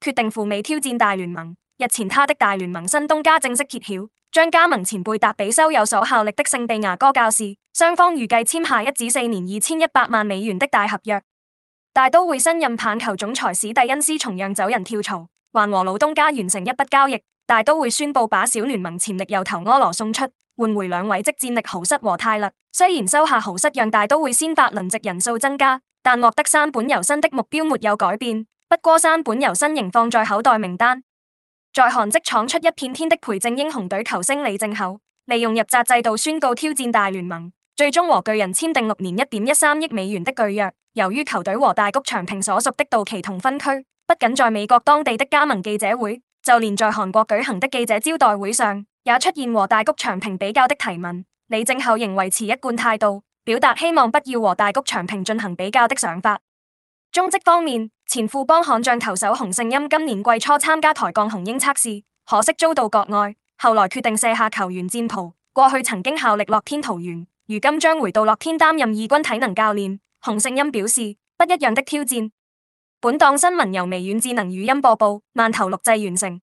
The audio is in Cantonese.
決定赴美挑戰大聯盟。日前，他的大聯盟新東家正式揭曉，將加盟前輩達比修有所效力的聖地牙哥教士。雙方預計簽下一紙四年二千一百萬美元的大合約。大都會新任棒球總裁史蒂恩斯從釀酒人跳槽，還和老東家完成一筆交易。大都會宣佈把小聯盟潛力右投柯羅送出，換回兩位即戰力豪瑟和泰勒。雖然收下豪瑟讓大都會先發輪值人數增加，但獲得山本由伸的目標沒有改變。不過山本由新型放在口袋名單，在韓職闖出一片天的培正英雄隊球星李正厚，利用入閘制度宣告挑戰大聯盟，最終和巨人簽訂六年一點一三億美元的巨約。由於球隊和大谷翔平所屬的道奇同分區，不僅在美國當地的加盟記者會，就連在韓國舉行的記者招待會上，也出現和大谷翔平比較的提問。李正厚仍維持一貫態度，表達希望不要和大谷翔平進行比較的想法。中職方面，前富邦悍將投手洪勝欽今年季初參加台鋼雄鷹測試，可惜遭到割愛，後來決定卸下球員戰袍。過去曾經效力樂天桃猿，如今將回到樂天擔任二軍體能教練。洪勝欽表示，不一樣的挑戰。本檔新聞由微軟智能語音播報，慢投錄製完成。